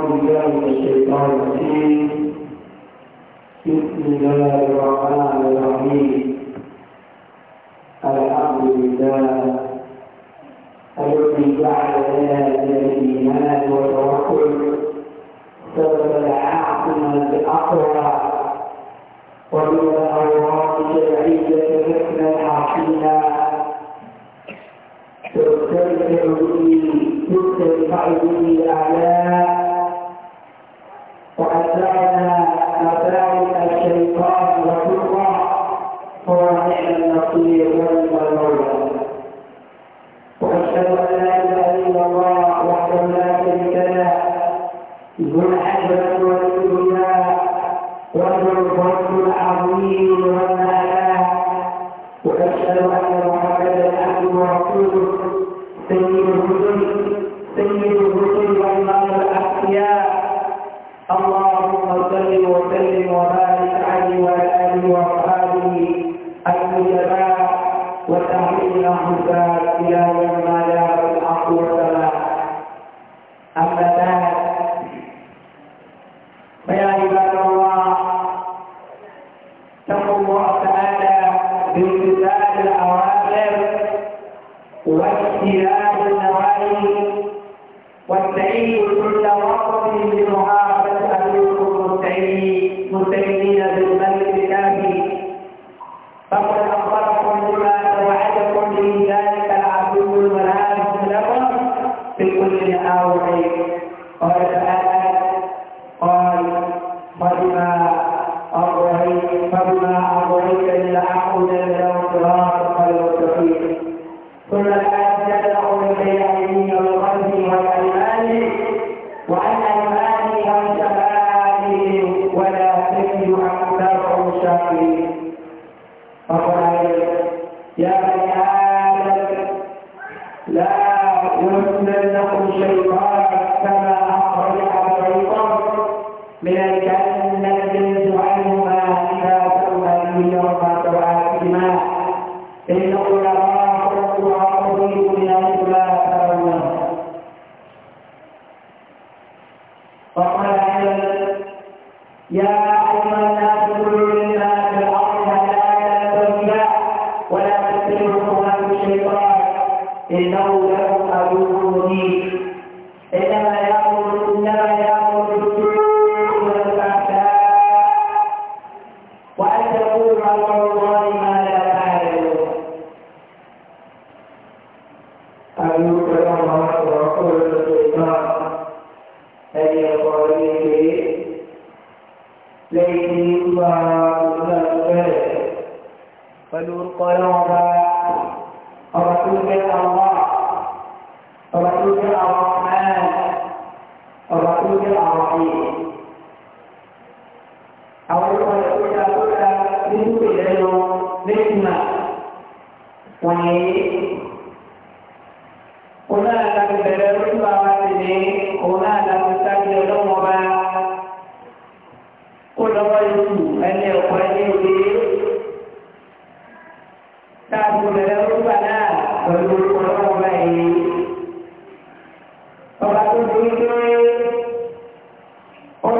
أعوذ بالله الحمد لله الذي جعل لنا والتوكل سبب العاقمة الأقوى ومن الأوراق الشرعية حكما حاكما تستمتع به تستمتع به الأعلام وكان وتعالى فقال أيضا يا أيها الناس كلوا مما في الأرض حلالا طيبا ولا تتبعوا خطوات الشيطان إنه لكم عدو مبين Hoy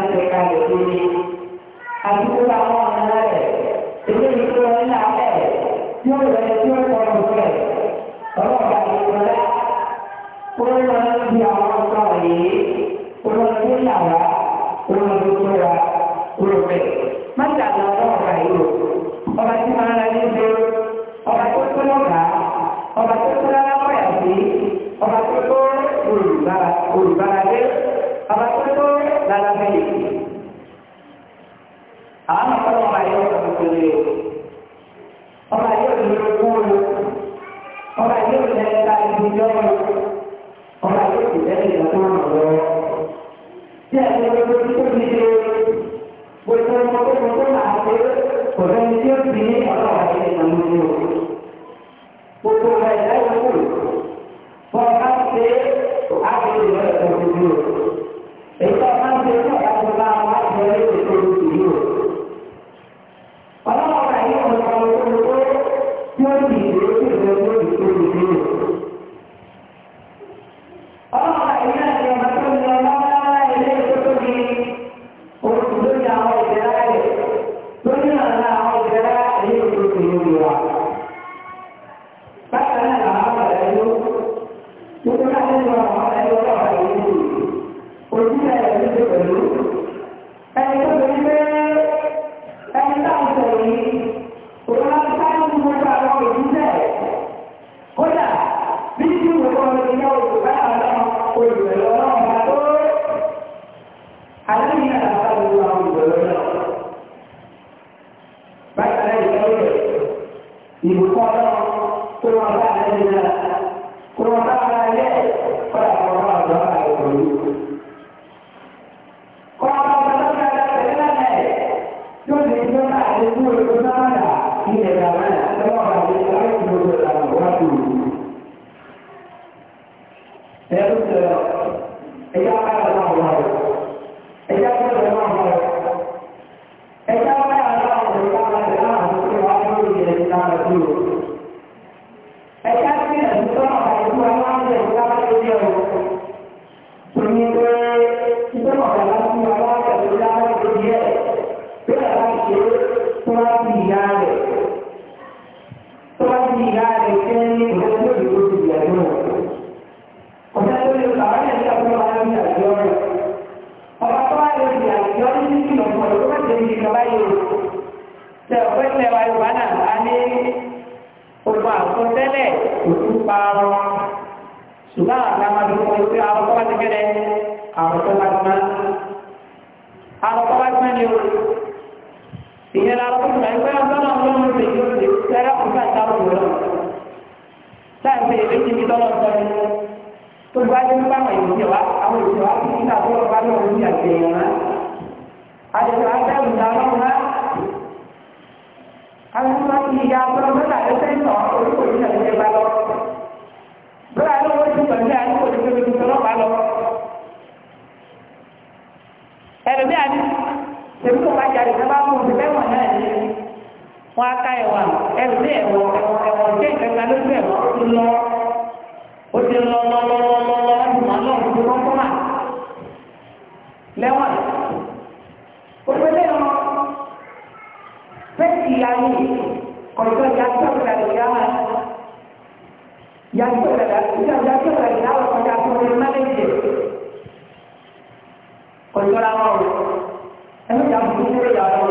cerca de fare. Con quell'erano pezzi anni con i suoi attori che arrivavano gli ancora da scusare, gli ancora da scusare, gli ancora da scusare, gli ancora da scusare, gli ancora da scusare, gli ancora da scusare, gli ancora da scusare, gli ancora da scusare,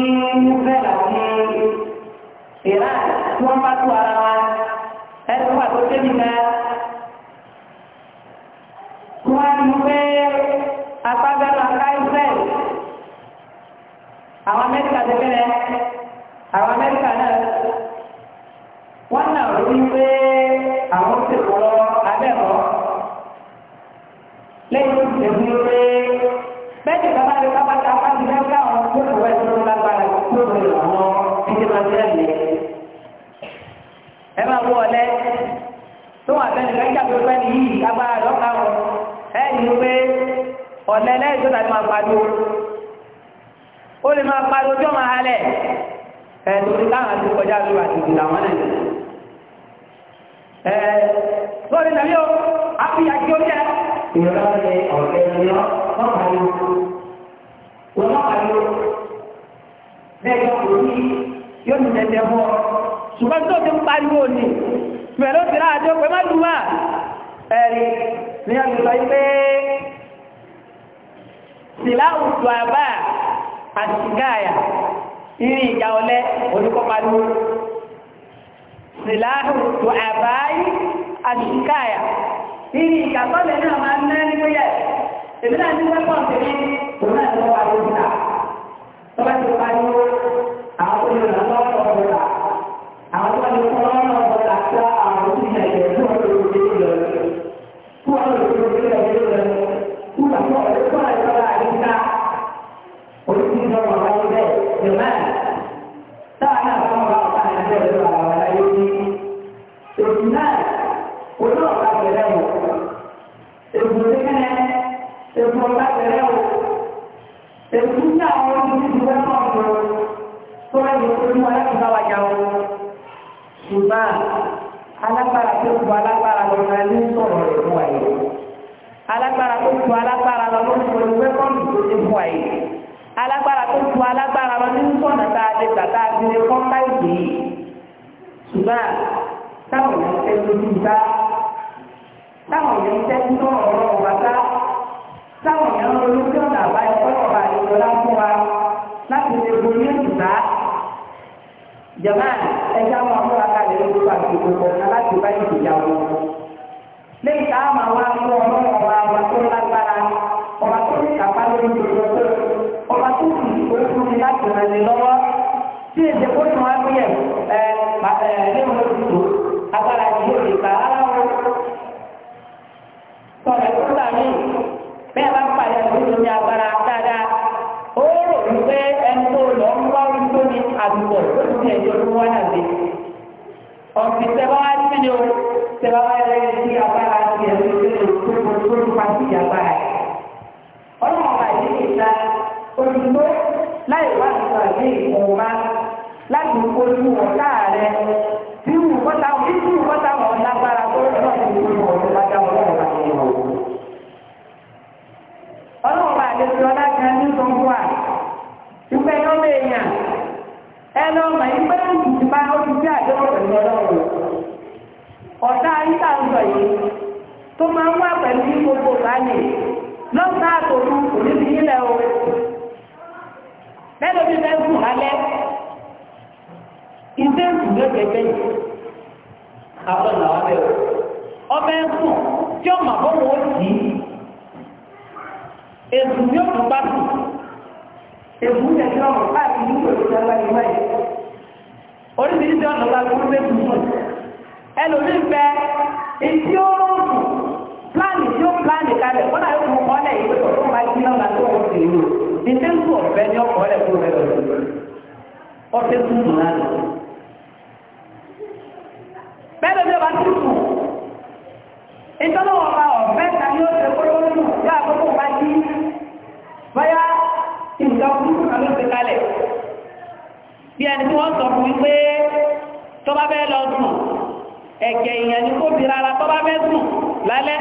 ní bẹ́ẹ̀ làwọn ní ìran tí wọ́n bá tó ara wa ẹni wà tó débi náà. láti máa pariwo ó lè máa pariwo tí ó máa halẹ̀ ẹ̀ torí káwọn ti kọjá lu àtìkù làwọn náà ẹ̀ lórí tàbí ó àfihàn kí ó jẹ́ ìrọ̀lá rẹ̀ ọ̀rẹ́ ìrọ̀ wọ́n pariwo wọ́n pariwo bẹ́ẹ̀ yọ kò yóò ní tẹ̀tẹ̀ bọ́ ṣùgbọ́n tó ti ń pariwo ni pẹ̀lú ìrọ̀ sìláwù tó a bá àṣìgáyà irin ìjà ọlẹ́ olùkọ́pariwo sìláwù tó a bá yí àṣìgáyà irin ìjà tọ́lẹ̀ náà máa ń ná nínú yẹ èmi náà ní wẹ́pọ̀ tèmi òun náà lọ́wọ́ ti lè kọ́ báyìí ṣùgbọ́n táwọn èèyàn fẹ́ lójú bá táwọn èèyàn fẹ́ tó ọ̀rọ̀ wá bá táwọn èèyàn lójú ọ̀nà àbáyọ kọ́lọ̀ bá ìjọ lápò wa láti lè borí ìgbà jọba ẹja wọn múra kalẹ̀ lórí pàṣípò kọ̀ọ̀kan láti bá ìgbìyà wọn. lẹ́yìn tá a máa wá fún ọlọ́run ọba ọba tó lágbára ọba tó ní kápá lórí ìgbòho ọba tó sì kó fún mi láti ràn tí èdè kó tún wá bí ẹ ẹ ẹ nínú ìdìbò agbára ìdìbò lè kà á wọ. sọ̀rọ̀ ẹ̀kọ́ gbà mí bẹ́ẹ̀ bá pàdé àdúgbò ní agbára dáadáa ó rò wípé ẹni tó lọ ń wá orí tó ní àdúgbò tó ti ẹ̀jọ́ ló wá náà lé. ọ̀sìn tẹ́wá wá sí ni o tẹ́wá wá lẹ́yìn sí agbára ti ẹ̀ lórí tó tó tó pa sí agbára ẹ̀. ọlọ́run àyè ìta wá ìgbà ní ìfowópamọ́ láti ojú ọ̀tá rẹ tí wù kọ́ta tí wù kọ́ta wọn lágbára tó náà ti wù wọn lágbára wọn lọ́wọ́ láti wù ọlọ́run bá lè fi ọlá kan ní sọ́kú wa ìpè yàn ẹ bá ó ti pẹ̀lú ọlọ́run ọ̀tá ń sọ yìí tó máa ń wá pẹ̀lú gbogbo ìdé ìdúró gẹ́gẹ́ yìí àwọn làwọn bẹ o tí ó mà bọ́wọ́ ó sì í èsù tí ó tún bá tù èsù tẹ̀ káàkiri ní ìwé ìwé ìwé ìwé ìwé oríṣiríṣi ọ̀nà la gbé gbé tuntun ẹlòmíì bẹ etí ó rọrùn pláàni tí ó pláàni kalẹ̀ kọ́nà yóò fún ọkọ lẹ̀ ìwé tó máa jí náà láti ọkọ sí ìlú ìdẹ́kùn ọ̀fẹ́ ní ọkọ lẹ̀ fún ẹ̀ lọ́sọ̀rọ̀ ọ̀fẹ́ tuntun náà lọ́sọ̀rọ̀ bẹ́ẹ̀ ló bá ti kù ìtọ́lọ́wọ́ bá ọ̀fẹ́ ta ni ó ṣe kóró nù yóò àkókò bá jí báyá nǹkan burúkú kan ló ṣe kalẹ̀ bí ẹni tí wọ́n sọ fún mi pé tó bá bẹ́ẹ̀ lọ sùn ẹ̀kẹ́ ìyẹn ni kó bi rárá tó bá bẹ́ẹ̀ sùn lálẹ́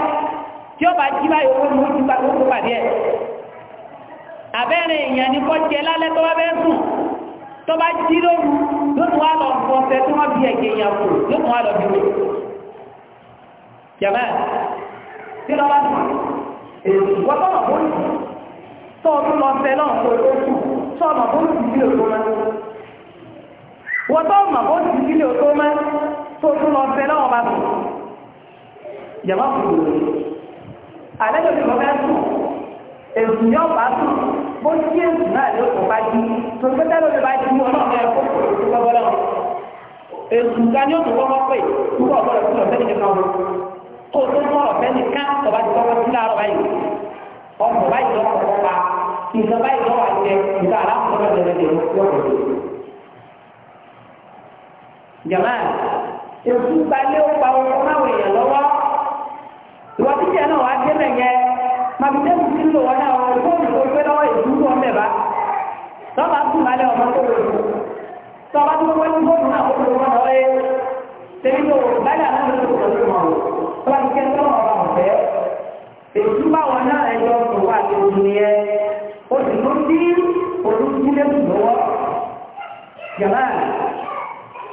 tí ó bá jí báyìí owó ni ó ti pàdé ó pàdé ẹ̀ àbẹ́rẹ̀ ìyẹn ni kó jẹ lálẹ́ yóò tún wá lọ fọ ọsẹ tí wọ́n bí ẹ̀jẹ̀ yẹn kù yóò tún wá lọ bí wọ́n. jẹ̀mẹ́ tí lọ́ba tù wọ́n tọ́ ọ̀bọ̀ ní tó o tún lọ fẹ́ náà kó o tó tù tó ọmọ bó ti sílẹ̀ o tó mẹ́. wọ́n tọ́ ọmọ bó ti sílẹ̀ o tó mẹ́ tó lọ fẹ́ náà bá tù. jẹ̀mọ́ kù lóore. àlejò ti lọ fẹ́ tù èsì yóò bá tù bó tí èsì náà ló kọ́ bá jí tòlùpẹ́ tá ló bá jí mú ọlọ́run ẹ̀ kó kó tó kọ́ bọ́lọ́ èsù ga ni ó tó kọ́kọ́ pè púpọ̀ bọ́lọ̀ tó lọ sẹ́ni nìkan kó tó mọ́ ọ̀fẹ́ nìkan tọ́ba ti kọ́kọ́ sí láàárọ̀ báyìí ọkọ̀ báyìí lọ́kọ̀ kọ́ka nǹkan báyìí lọ́wọ́ àjẹ nǹkan aláàfin lọ́dẹ̀ẹ́dẹ̀ jama èsù gbalẹ́ ó pa ọkọ̀ máwèèyàn lọ́wọ́ ìwọ́n ti náà wá dé mẹ́yẹn màbìtẹ́kù ti lò wọ́n náà wọ́n fóònù tó gbé lọ́wọ́ ìdúró ọmọ ẹ̀bá lọ́ba tún balẹ̀ ọmọ tó lò ó tó wọ́n ní fóònù náà ó lò náà ẹ̀ tẹ́lẹ̀ tó balẹ̀ àná ló lò ó mọ̀ tọ́ba ti kẹ́ tọ́wọ́ ọba ọ̀fẹ́ èyí bá wọn náà ẹjọ́ tó wà lójú ni ẹ ó sì ló dí olùdílé lọ́wọ́ jàmá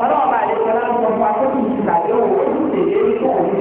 ọlọ́ọ̀bà àdéjọba ń sọ fún akókò ìtàgé òwò ó sì tẹ̀lé ní kó òun ní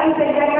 Gracias. se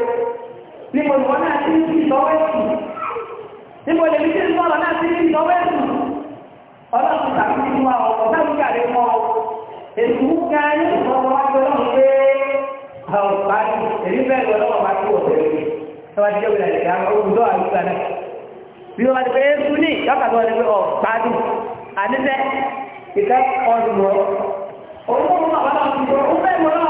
níbo ìwọ náà ti ń fi ìtọ́wọ́ ẹ̀sùn níbo lèmi tí ń sọ̀rọ̀ náà ti ń fi ìtọ́wọ́ ẹ̀sùn ọlọ́run tàbí ti wá ọ̀pọ̀ sábì kàlẹ́ mọ́ èsì mú ká ní ìfọwọ́ wájú ọlọ́run pé ọ̀rọ̀ bá ti èmi bẹ́ẹ̀ lọ lọ́wọ́ bá ti wọ̀ tẹ̀lé ni pé ọ̀ gbádùn àníṣẹ́ ìfẹ́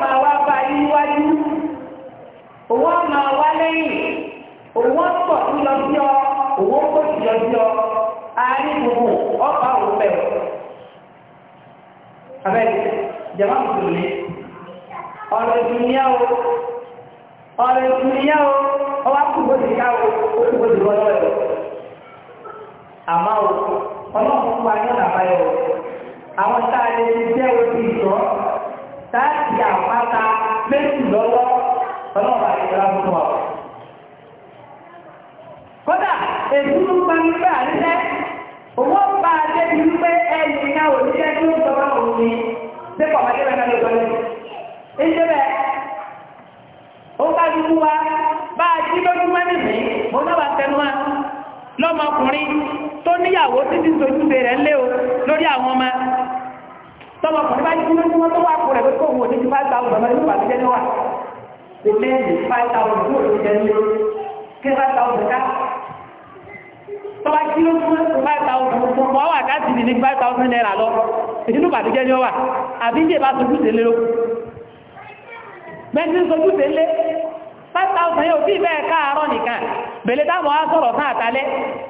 jama musulmi ọ̀rọ̀ ìdúnyá o ọ̀rọ̀ ìdúnyá o ọwọ́ akúgbò ti ká o ó kúgbò ti wọ́n lọ́wọ́ àmọ́ o ọlọ́run fún wa ní ọ̀nà àbáyọ o àwọn tá a lè fi jẹ́ ojú ìtọ́ táàtì àpáta méjì lọ́wọ́ ọlọ́run àti ìjọba fún wa. kódà èdúró máa ń gbà nílẹ̀ ọkùnrin tó níyàwó títí sojúṣe rẹ̀ lé o lórí àwọn ọmọ tọ́mọkùnrin bá yí kí wọ́n tó wà kó rẹ̀ pé kóhùn òní ti five thousand ọmọ ìlú pàṣẹ ní wà kò lẹ́yìn five thousand kó òní jẹ nílé kí five thousand ká tọ́ba kí ló fún five thousand fún wọn wà ká sì ní five thousand naira lọ ìdílù pàṣẹ ní wà àbí ń jẹ́ bá sojúṣe lé lóko bẹ́ẹ̀ni sojú tẹ́lẹ̀ 5000 yóò tí bẹ́ẹ̀ káàárọ̀ nìkan bẹ̀lẹ̀ dámọ̀ á sọ̀rọ̀ fún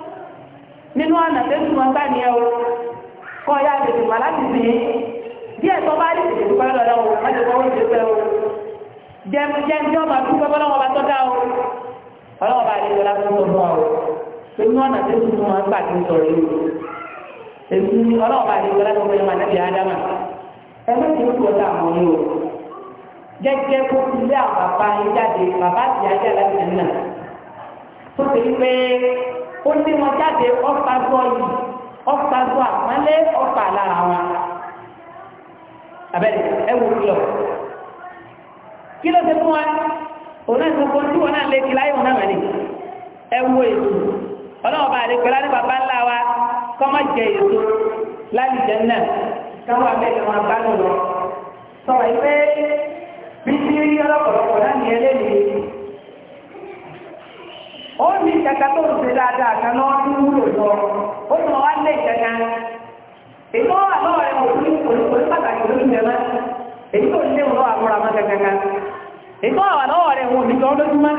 nínú ọ̀nà tó túnmọ̀ sáni ẹ o kọ́ ya tètè wà láti sìn ín díẹ̀ tó bá rí tètè dúpẹ́ lọ́dọ̀ o má ti kọ́wé tètè o jẹun jẹun tí ọba dúpẹ́ bọ́ lọ́wọ́ bá tọ́ dá o ọlọ́wọ́ bá rí o láti fún wa o nínú ọ̀nà tó túnmọ̀ gbà tó sọ̀rọ̀ yìí èmi ni ọlọ́wọ́ bá rí o láti sọ fún wa ádámà ẹ má ti kú ọ̀tá àwọn yìí o gẹ́gẹ́ kó ilé àwọn bàbá yín jáde bàbá àti ajá láti ẹ̀ náà tó ti rí ó ní wọn jáde ọ̀pá gbọ́ yìí ọ̀pá gbọ́ àpọ́nlé ọ̀pá lára wọn. abẹ́rẹ́ ẹ wò kí lọ. kí ló ti fún wa òun náà ti fún tí wọn náà lé kí láyé wọn náà wẹ̀ ni ẹ wo èso ọlọ́wọ́ bá lè pẹ̀lú àti bàbá ńlá wa kọ́ má jẹ èso lálùjẹ náà káwọn abẹ́rẹ́ wọn bá lò lọ. sọ̀rọ̀ yìí pé bí tí ọlọ́pọ̀lọpọ̀ náà ní ẹlẹ́nìí ó ní kẹta tó ń ṣe dáadáa kan náà ní wúlò lọ ó ní wọn wá lé ìkẹta èyí wọn wà lọ́wọ́ rẹ̀ òní òní pàtàkì lórí ìjẹ náà èyí tó lé wọn wà múra máa kẹkẹ kan èyí wọn wà lọ́wọ́ rẹ̀ òní tó lójúmọ́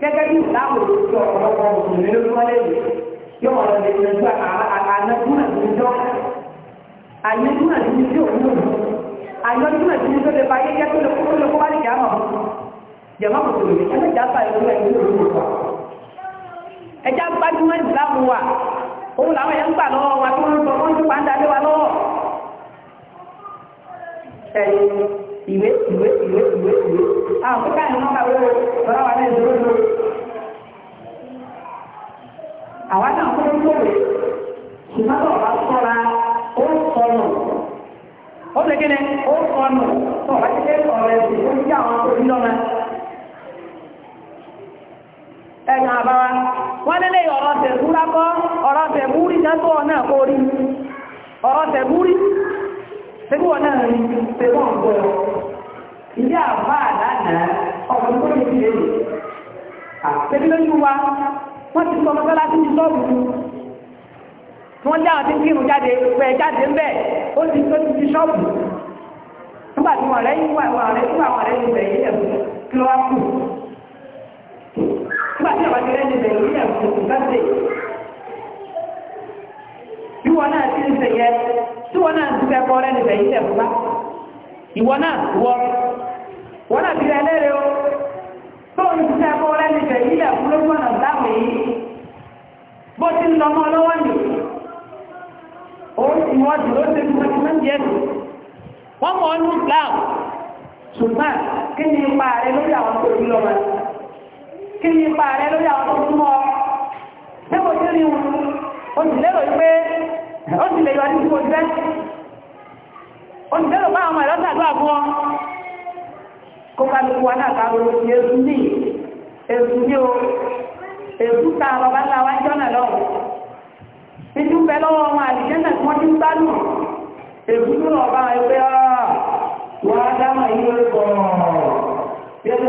gẹ́gẹ́ bí ìdáàbò tó ti ọ̀pọ̀lọpọ̀ òṣèlú lójúmọ́ lẹ́yìn yóò wọ́n lọ lè ṣe ju àánẹ́kúnà tó ń jọ àyẹ́kúnà tó ń jọ àyẹ́kúnà tó ń jọ lè bá yẹ́kẹ́ tó lè kó bá lè jẹ̀mọ́ ẹjá gbájúmọ́ ìsìlámù wa òun làwọn ẹ̀yà gbà lọ́wọ́ wa tí ń sọ wọ́n ti pàǹdà lé wa lọ́wọ́ ìwé ìwé ìwé ìwé ìwé àwọn pípa ìlú náà wọ́n lọ́wọ́ wa ní ìdúró lórí àwa náà kó ń lóore ṣùgbọ́n tó sọ́ra ó sọnù ó lè kéde ó sọnù tó wà ti dé ọ̀rọ̀ ẹ̀sìn ó ń jẹ́ àwọn onílọ́mọ ẹ̀yìn àbáwá wọ́n lélé ọ̀rọ̀ tẹ̀búrá kọ́ ọ̀rọ̀ tẹ̀búrí jẹ́tọ́ ọ̀nà orí ọ̀rọ̀ tẹ̀búrí tẹ́bú ọ̀nà rí tẹ́bú ọ̀gbọ̀ ilé àbá àdáná ọ̀gbọ̀n tó lè fi lè tẹ́bí lójú wa wọ́n ti sọ mọ́sálá sí ìṣọ́ọ̀bù wọ́n dáhùn tí kírun jáde pẹ̀ jáde ń bẹ̀ ó ti tó ti fi ṣọ́ọ̀bù nígbà tí wọ́n rẹ̀ yíwà wọ́n rẹ̀ yíwà wọ́n rẹ̀ yíwà yíyẹ̀ kí ló wá kù nígbà tí àwọn akẹ́rẹ́ ní bẹ̀rẹ̀ ní ẹ̀kọ́ ìgbàgbé bí wọn náà ti ń sèyẹ tí wọn náà ti fẹ́ kọ́ rẹ́ ní bẹ̀rẹ̀ ní ẹ̀kọ́ ìwọ náà wọ wọn náà ti rẹ lẹ́rẹ́ o tó ń ti fẹ́ kọ́ rẹ́ ní bẹ̀rẹ̀ ní ẹ̀kọ́ lójú ọ̀nà dáhùn yìí bó ti ń lọmọ lọ́wọ́ nì òun ti wọ́n ti ń sọ wọ́n mọ̀ ọ́nú ń lọ́wọ́ kí ni ipa rẹ lórí àwọn tó súnmọ́ ṣé kò sí rí wọn o sì lérò pé ó sì lè yọ ní ìfún oṣù o sì lérò pé ọmọ ìlọ́sà tó àbú kó ká ló wà náà káró ní èsù ní èsù ní o èsù ta bàbá ńlá wa jọ́nà lọ́wọ́ títí ń bẹ lọ́wọ́ wọn àdìjẹ́ náà tí wọ́n ti ń gbádùn èsù tó lọ bá ẹgbẹ́ ọ́ wàá dáhùn ìwé kọ̀ọ̀ bí ẹni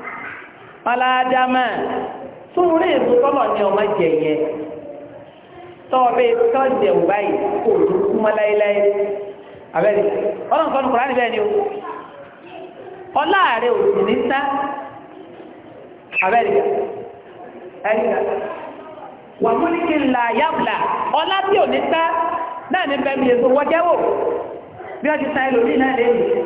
faladama súnmúrú èso tọ́lọ̀ ní ọmọ jẹ yẹn tọ́ọ̀bẹ tọ́jẹ̀ ń báyìí kò tó kú mọ́ láéláé abẹ́rẹ́ ọlọ́run kan kùránì bẹ́ẹ̀ ni o ọláàrẹ òsì ní sá abẹ́rẹ́ ẹ̀yìn wà múlíkì ńlá yábùlà ọlá tí ò ní sá náà ní bẹ́ẹ̀ mi èso wọ́jẹ́wò bí wọ́n ti sá ẹlòmíì náà lẹ́yìn.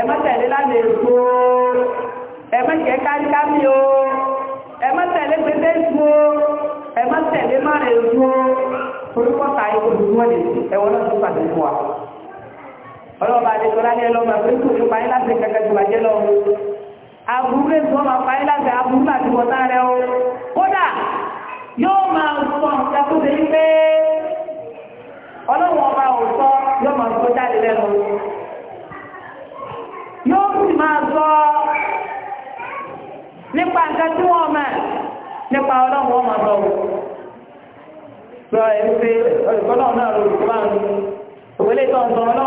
ẹmọ́tẹ̀lé lánàá èso ẹmọ́tẹ̀ káríkámi o ẹmọ́tẹ̀lé pété èso ẹmọ́tẹ̀lé márùn èso orúkọ́ta ìkòlùmọ́ lè sí ẹwọ́n náà tó pàdé fún wa ọlọ́ọ̀bá adékọ́lá ní ẹlọ́mọ àfẹ́kù ní pàyín láti kẹ̀kẹ́ tó bàjẹ́ lọ aburú èso ọmọ pàyín láti aburú láti bọ̀ sáré o kódà yóò máa sọ nǹkan tó ṣe yí pé ọlọ́wọ́n ọba òótọ́ yóò máa sọ jáde lẹ́nu sì máa nípa nǹkan tí wọ́n mọ̀ nípa ọlọ́run wọn máa pé náà náà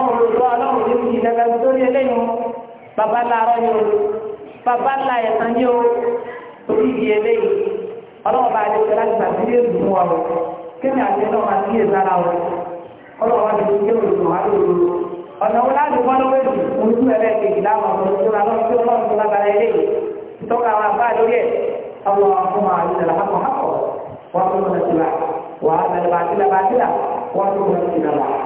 ọlọ́run ọlọ́run tó ní eléyìí bàbá ńlá arọ́ ni o bàbá ńlá ẹ̀sán ni o ìdí eléyìí ọlọ́run bá a lè fẹ́ láti àti ẹ̀ náà máa ọlọ́run wá ọ̀nà wọn láti wọ́n lọ́wọ́ èdè ojú ẹlẹ́ẹ̀kejì láwọn ọmọ ìṣúra lọ́wọ́ tí ọlọ́run tó lágbára ilé yìí tọ́ka àwọn àbá lórí ẹ̀ ọmọ ọmọ àdìsẹ̀lá hapọ̀ hapọ̀ wọ́n tó mọ̀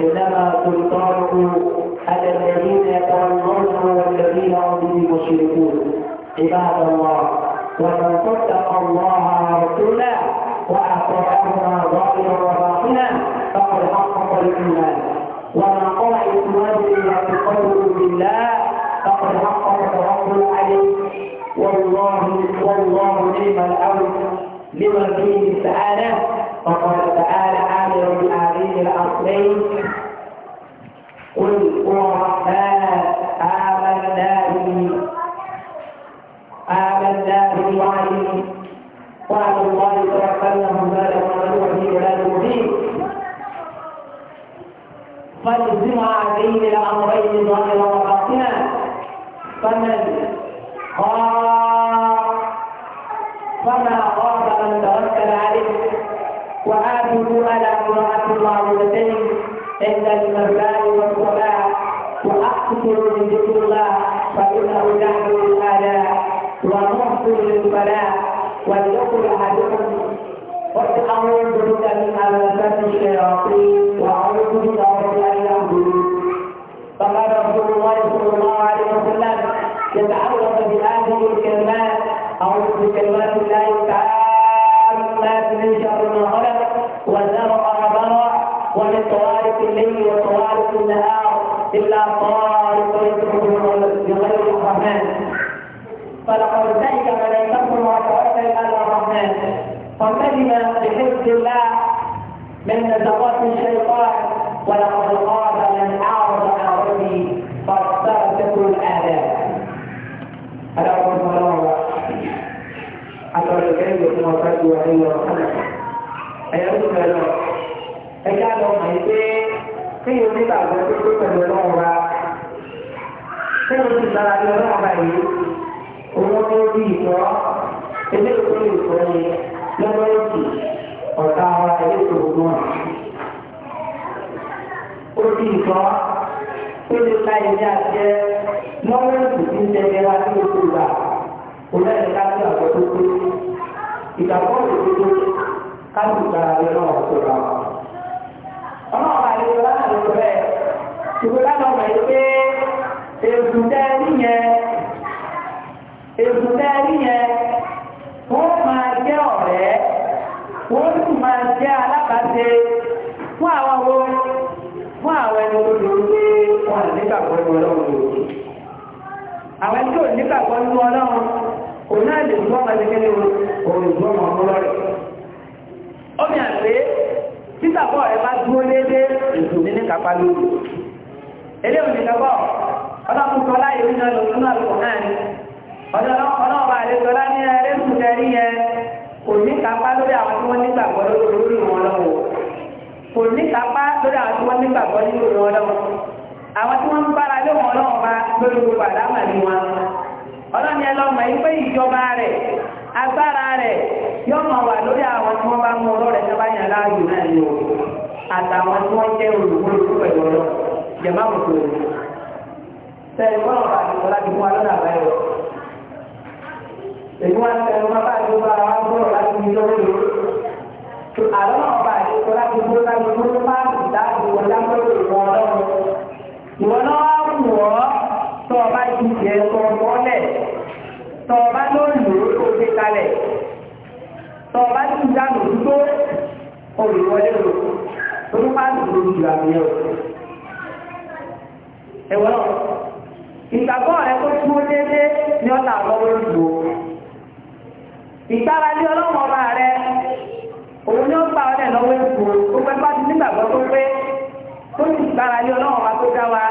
إنما سلطانه على الذين يتولونه والذين هم به مشركون عباد الله ومن صدق الله ورسوله وأطاعهما ظاهرا وباطنا فقد حقق الإيمان ومن قرأ إسلامه يتقرب بالله فقد حقق التوكل عليه والله والله نعم العون لمن فيه سعاده وقال تعالى عامر بالعالين الاصلين قل هو ربنا آمنا به آمنا به وعليه وعلى الله توكلنا مبارك ذلك ولا نؤذيه فالزم هذين الامرين ظاهر وباطنا فمن قال فما خاف من توكل عليه وآتوا على قراءة الراويتين عند المساء والصلاة وأقصروا من الله فإنه نحن الآلاء ومحسن للبلاء وليقل أحدكم قد أعوذ بك من همزات الشياطين وأعوذ بك رب أن يحضرون فقال رسول الله صلى الله عليه وسلم يتعلق بهذه الكلمات أعوذ بكلمات الله تعالى من شر ما خلق ومن طوارق الليل وطوارق النهار إلا طارق يسرهم بغير الرحمن فلقد ذلك ملائكته وتوكل على الرحمن فانتهم بحفظ الله من نزغات الشيطان ولقد خاب من أعرض عن ربه فاستغفر الآلام هذا هو المرارة حتى الكريم كما قال اي وسلم أيها الأخوة ẹjá lọ mọ̀ yìí pé kéèyàn onígbàgbọ́ tó tó pẹ̀lú ọlọ́run wa kéèyàn ti gbára lé ọlọ́run wa yìí owó tó bí ìtọ́ ilé ìwé ìtọ́ ni lọ́wọ́ èkì ọ̀tá wa ilé ìtòkù náà. ó bí ìtọ́ tó lè ka ilé àjẹ lọ́wọ́ èkì tí ń tẹ̀lé wa ní gbogbo ìgbà olóyè ká sí àgbọ̀ tó tó ìgbàgbọ́ òdodo ká sì gbára lé ọlọ́run tó ra wa ọmọ ọba àti ìwé lánàá ló bẹ́ẹ̀ ìwé lánàá ọmọ yìí pé ègùn tẹ́ rí yẹn ègùn tẹ́ rí yẹn wọ́n máa jẹ́ ọ̀rẹ́ wọ́n sì máa jẹ́ alábàáṣe fún àwọn wo fún àwọn ẹni tó lò pé wọ́n lè nígbàgbọ́ ní ọlọ́run lòdì àwọn ẹni tó nígbàgbọ́ ní ọlọ́run òun náà lè gbọ́ ọmọ ẹni kẹ́lẹ́ òun lè gbọ́ ọmọ ọmọ lọ́rẹ̀ ó ní àgbẹ̀ títàbọ̀ ẹ bá dúró lédé ètò nínú kápá lórí eléwọ̀n ní kápá ọlọ́kùnkọ́ láyé nínú ọlọ́kùnkọ́ náà lọ́kùnkọ́ náà ni ọlọ́ọ̀bà àlejòlá ní ẹlẹ́sùn kẹrí yẹn kò ní kápá lórí àwọn tí wọ́n nígbàgbọ́ lórí wọn lọ́wọ́ kò ní kápá lórí àwọn tí wọ́n nígbàgbọ́ lórí wọn lọ́wọ́ àwọn tí wọ́n ń bára lé wọn lọ́wọ́ bá lórí gbogbo àdámà ní wọn ọlọ́ni ẹ lọ́mọ yìí pé ìjọba rẹ̀ agbára rẹ̀ yóò máa wà lórí àwọn tí wọ́n bá mú ọ̀rọ̀ rẹ̀ sábà yàn láàyò náà ni o àtàwọn tí wọ́n jẹ́ olùkúlùkù pẹ̀lú ọ̀rọ̀ jẹ̀má kòtò rẹ̀ sẹ́yìn bọ́lá ọ̀rọ̀ àti ìfọlá ti fún wa lọ́nà àbáyọ. èyí wọn sẹ́yìn wọn bá ti bá wa gbọ́dọ̀ láti fi lọ́wọ́ lò àlọ́ ọ̀bà àti ìfọlá ti fún wa lọ́wọ́ máa ń dáàbò wọn lápẹ́ òkú ọlọ́run ìwọ náà wà wù tọ́ ọba ti jẹ sọ mọ́lẹ̀ lò ó tó kalẹ̀ tọ́ ọba ti dànù tó olùwọlé lò lórí pàṣẹ tó ju àmì ẹ̀ ẹ̀wọ̀n ìgbàgbọ́ rẹ tó dúró déédéé ni ọ̀tà àbọ̀wọ́ lò ó ìgbára lé ọlọ́mọ ọba rẹ òun ni ó gbà ọ́ lẹ̀ lọ́wọ́ èkó ó pẹ́ pàṣẹ nígbàgbọ́ tó pé tó sì gbára lé ọlọ́mọ ọba tó dá wa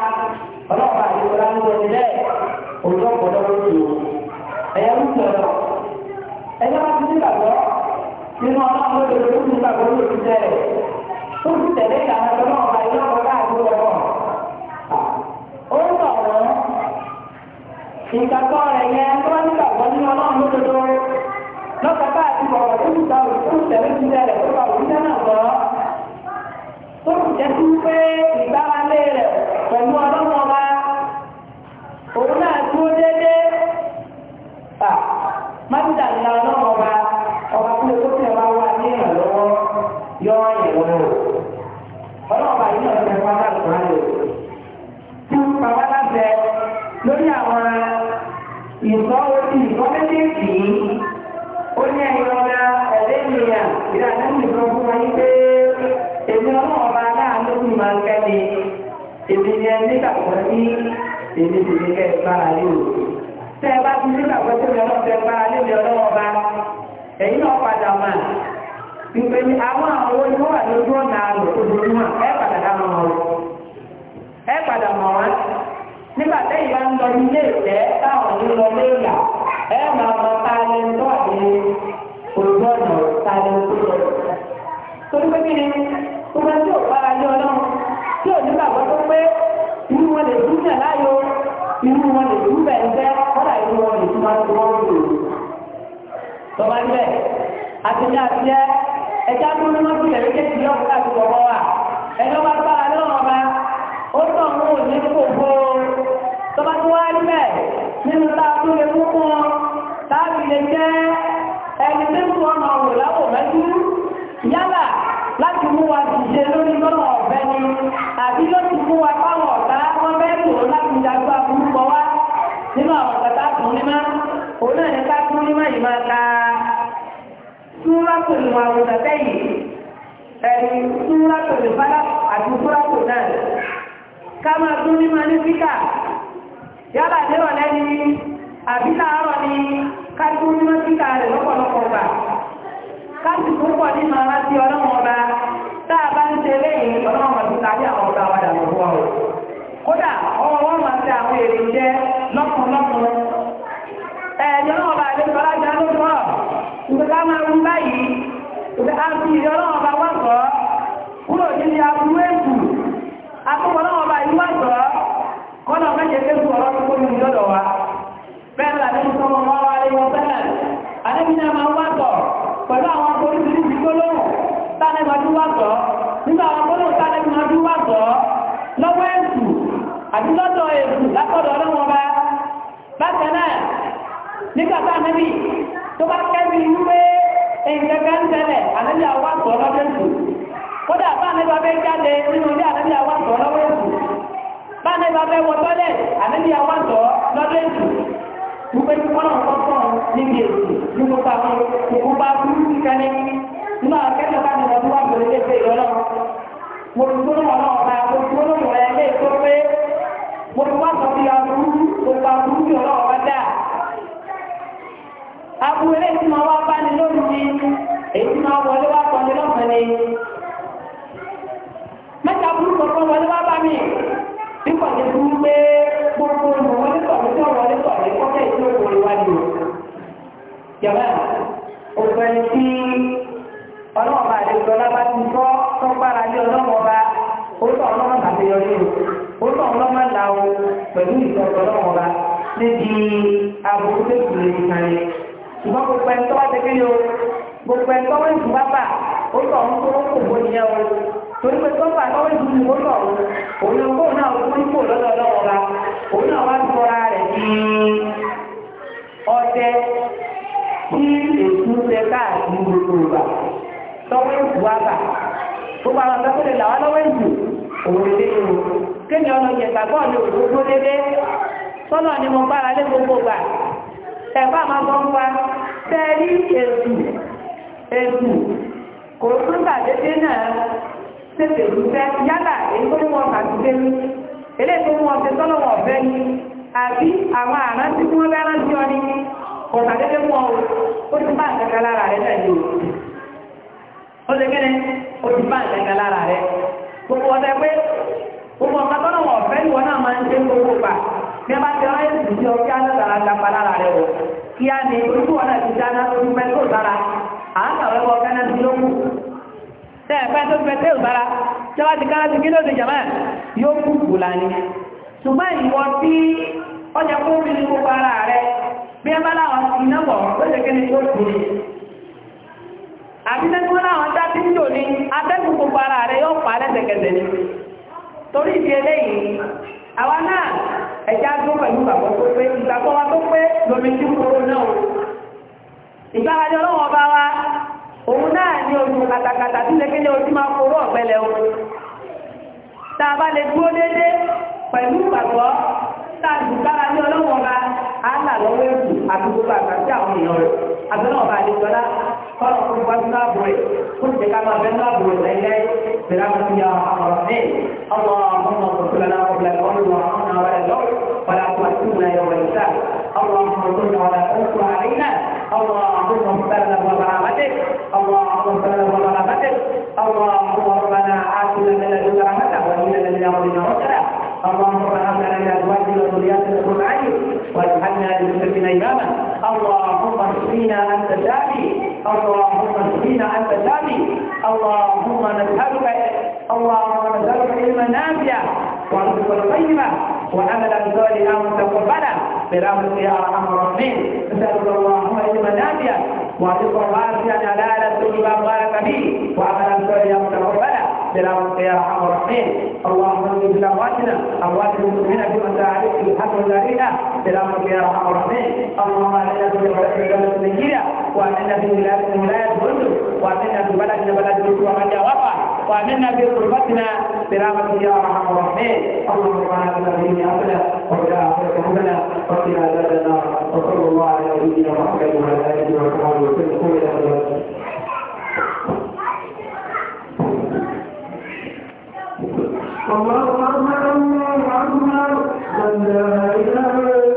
ọlọ́pàá àti ìwọlá ń wọlé lẹ òjò ọpọlọ ló o ẹyẹ ń sọ̀rọ̀ ẹyẹ wá ti ní gbàgbọ́ nínú ọlọ́pàá ló lè lórí gbàgbọ́ ló ti tẹ ẹ tó ti tẹlé ìlànà tó náà bá ilé ọkọ káàkiri ọkọ ó ń sọ wọn ìgbàgbọ́ rẹ yẹn tó bá ní gbàgbọ́ nínú ọlọ́pàá ló lè lórí lọ́kàá bá àti bọ̀rọ̀ tó ti ta òkú tẹ̀lé ti tẹ̀lé tó bá òkú tẹ̀lé náà sọ̀rọ̀ tó ti jẹ́ òun náà dúró dédé à májúdà ìlà ọlọ́run ọba ọba tó lè kó tẹ̀ wá wá ní ìrànlọ́wọ́ yọ ìwọ ọlọ́run ọba yìí náà tẹ̀ wá láti wá lò tí ń pa wá láti lórí àwọn ìsọ́ orí ìsọ́ méjèèjì yìí ó ní ẹ̀yọ́ ọ̀la ẹ̀lẹ́mìíràn ìlànà ìsọ́ fún wa yìí pé èmi ọlọ́run náà ló fi máa ń kẹ́ni èmi ni ẹni kàkọ́ sí èmi sì ní kẹ́ ẹ bá a lé o. tẹ́ ẹ bá ti ní ìgbàgbọ́ tó lọ lọ́wọ́ tẹ́ ẹ bá a lé mi ọlọ́wọ́ bá ẹ̀yin náà padà mà ìpè ní àwọn àwọn owó tó wà lójú ọ̀nà àlọ́ òdòdó mà ẹ padà dá mọ̀ ọ́ ẹ padà mọ̀ wá nígbà tẹ́yìn bá ń lọ ilé ìtẹ́ táwọn ń lọ lé ìyà ẹ máa mọ tálẹ́ ń tọ́ ọ̀nà tálẹ́ ń torí pé kí ni àtijọ́ àtijọ́ ẹja tó ní wọ́n ti tẹ̀lé kéjì lọ́wọ́ láti wọ̀wọ́ wa ẹjọ́ bá gbára lọ́wọ́ ọba ó tọ̀ ń wò ní kòkó tọ́ba tó wá rí bẹ́ẹ̀ nínú tá a tún lè mú fún wọn táàbì lè jẹ́ ẹni tí ń wọ́n máa wò láwò mẹ́jú yálà láti mú wa ti ṣe lórí lọ́nà ọ̀fẹ́ ni àbí ló ti mú wa fáwọn ọ̀tá wọn bẹ́ẹ̀ lò láti jagbá burúkọ wa nínú àwọn ọ̀tá tó ní má òun náà ní ká tún ní má yìí máa ta súrátù ní wà wùdà tẹ́yìn ẹ̀rí súrátù ní bálá àti súrátù náà ká máa tún ní ma ní fíkà yálà nírọ̀lẹ́ ni àbí láàárọ̀ ni ká tún ní ma fíkà rẹ̀ lọ́pọ̀lọpọ̀ gbà ká sì ní màá rántí ọlọ́run ọba tá a bá ń ṣe lẹ́yìn ọlọ́run ọba ti tàbí àwọn ọba wa dà lọ́wọ́ rẹ̀ kódà ọwọ́ wọn máa ṣe àwọn èrè jẹ lọ́kùnlọ́kùn ẹ̀ẹ́dì ọlọ́run ọba àdéṣọlá ìgbẹ́ká máa ń báyìí ìgbẹ́ àti ìjọ náà bá wọ́pọ̀ kúrò níbi aburú èkù akọ́kọ́ náà bá yí wọ́pọ̀ kọ́nà mẹ́jẹ kéku ọ̀rọ̀ tó kọ́ni ìjọdọ̀ wa bẹ́ẹ̀ la ní sọmọ wọn wá lé wọn bẹ́ẹ̀ àdébìnrin náà máa ń wọ́pọ̀ pẹ̀lú àwọn akọ́rìsìrìsì gbólóhùn táwọn ẹgbẹ́ tó wọ́pọ̀ nígbà àwọn gbólóhùn táwọn ẹgbẹ́ tó wọ́pọ̀ lọ́wọ́ èkù àti lọ́dọ̀ èkù látọ̀dọ̀ ọlọ́wọ́ bá bákan náà nígbà táwọn ẹbí tó bá kẹ́mi inú pé nǹkan kan tẹ́lẹ̀ ànábì àwọn àtọ̀ lọ́wọ́ ètò kódà bá ànábì abẹ́ jáde nínú ilé ànábì àwọn àtọ̀ lọ́wọ́ ètò bá ànábì abẹ́ wọ tọ́lẹ̀ ànábì àwọn àtọ̀ lọ́wọ́ ètò wípé kọ́nà kọ́kọ́ níbi ètò ní gbogbo àwọn òkú bá kú kíkaní nínú akẹ́kọ̀ọ́ bá nìyẹn tó wà lórí ẹgbẹ́ ìrọ̀lọ́ mo ti gbólóhùn ọlọ́ọ̀ta mo ti gbólóhùn rẹ̀ lé e aburú eléyìí tí máa wá bá ní lónìí èyí tí máa wọlé wá kọ́ni lọ́sàn-án ni mẹ́ta burú kọ̀ọ̀kan wọlé wá bá mi bí kọ̀ọ̀kan burú pé gbogbo ìmọ̀wọlé kọ̀ọ̀kan tó wọlé kọ̀ọ̀kan kọ́kẹ́ ìṣòro wọlé wá ní o jọba òfin tí ọlọ́ọ̀bà àdéjọ lábá ti kọ́ tó gbára lé ọlọ́mọba orúkọ ọlọ́mọ àtẹyọrí o orúkọ ọlọ́mọ là o pẹ̀lú ìtọ́jú ọlọ́mọba níbi àbòkúté kùnú ìkànnì ṣùgbọ́n gbogbo ẹni tó bá ti kéde o gbogbo ẹni tó bá ti bá bà ó sọ ọ̀hún tó kò bó nìyẹn o torí pé tọ́pà tó bá ti ní o sọ ọ̀hún òun náà ó ipò lọ́dọ̀ lọ́wọ́ ra òun náà wá ti kọ́ra rẹ̀ ní ọdẹ tí èsù tẹ káàkiri gbogbo ìgbà tọ́wọ́ èsù wá bà gbogbo àwọn ọ̀dọ́ tó lè làwọn lọ́wọ́ èsù òun lè dé o kéèyàn ọ̀nà ìjẹ̀sà bọ́ọ̀lù òdòdó dédé sọ́nà ni mo gbára lé gbogbo gbà ẹ̀fà máa bọ́ ń wá tẹ́rí ètù ètù kò fúnbà dédé náà tètè rúfẹ́ yálà èyí tó mú wọn kàtúgbé ní eléyìí tó mú wọn ti tọ́lọ̀ wọn ọ̀fẹ́ ní àbí àwọn àrán tí wọ́n bá rántí ọ ní kò sàdédé mú ọ ó ti bá nǹkan lára rẹ náà yìí ó lè kéde ó ti bá nǹkan lára rẹ gbogbo ọ̀sẹ̀ pé gbogbo ọ̀sẹ̀ tọ́lọ̀ wọn ọ̀fẹ́ ni wọn náà máa ń ṣe gbogbo gbà bí a bá ti rán èsì sí ọkí alátara gbapa lára rẹ o kí á ní ojú ọ̀nà ti dáná lórí pẹ́tò sára à ń kàwé wọ kánà sí lókù tẹ́ ẹ̀ pẹ́ tó fẹ́ tẹ́ ò sára tí wọ́n ti kánà sí kí ló ti jàmá yóò kú kù lání ṣùgbọ́n ìwọ tí ọjà kó mi ní gbogbo ara rẹ bí a bá láwọn iná bọ̀ ó ṣe kí ni ó kù ní àti tẹ́tí láwọn dá sí nílò ní atẹ́kùn gbogbo rẹ yóò pa àwa náà ẹ̀já tó pẹ̀lú bàbọ̀ tó pé ìgbàgbọ́ wa tó pé lómi tí kúrò náà ìgbàwájú ọlọ́wọ́ ọba wa òun náà ní ojú katakata tí lẹ́kẹ́ ní ojú máa kóró ọ̀gbẹ́lẹ̀ o tá a bá lè dúró déédéé pẹ̀lú bàbọ̀ táàbù kára ní ọlọ́wọ́ ọba àlà lọ́wọ́ ẹ̀kú àti gbogbo àgbàtí àwọn èèyàn rẹ̀ àtọ́nà ọba àdéjọlá kọ́lọ̀ fún wa nínú ààbò rẹ̀ kó ti ká máa bẹ nínú ààbò rẹ̀ lẹ́lẹ́ bẹ̀rẹ̀ àbúrò ya ọ̀rọ̀ mi ọmọ ọmọ ọ̀sọ̀tún lọ́la ọ̀bùlà lọ́wọ́ wa ọ̀nà ọ̀rọ̀ rẹ̀ lọ́wọ́ wàlá kó àti ìwúlẹ̀ yọ̀ wẹ̀ níta ọmọ ọmọ ọdún wàlá kó kó àríyá ọmọ ọmọ ọ̀sọ̀tún lọ́la bàbàtẹ̀ ọmọ ọmọ ọ̀sọ̀tún lọ́la bàbàtẹ̀ ọmọ ọmọ ọ̀sọ̀tún lọ́la اللهم ربنا هب من ازواجنا وذرياتنا قرة عين واجعلنا للمسلمين اماما اللهم اشفينا انت الشافي اللهم اشفينا انت الشافي اللهم نسالك اللهم نسالك علما نافعا ورزقا طيبا وعملا صالحا متقبلا برحمتك يا ارحم الراحمين نسالك اللهم علما نافعا ورزقا واسعا على رسول ما بارك به وعملا برحمتك يا ارحم الراحمين اللهم اغفر لاخواتنا اخواتنا المسلمين بما تعرف في الحق والبريئه برحمتك يا ارحم الراحمين اللهم اعنا في الولايه النجيه واعنا في ولايه ولايه الرسل واعنا في بلدنا بلد الرسل ومن وقع وامنا في غربتنا برحمتك يا ارحم الراحمين اللهم اعنا في الدين ابدا وبلا حولنا وقنا عذاب النار وصلى الله على نبينا محمد وعلى اله وصحبه وسلم Thank you. الله أكبر الله أكبر لا إله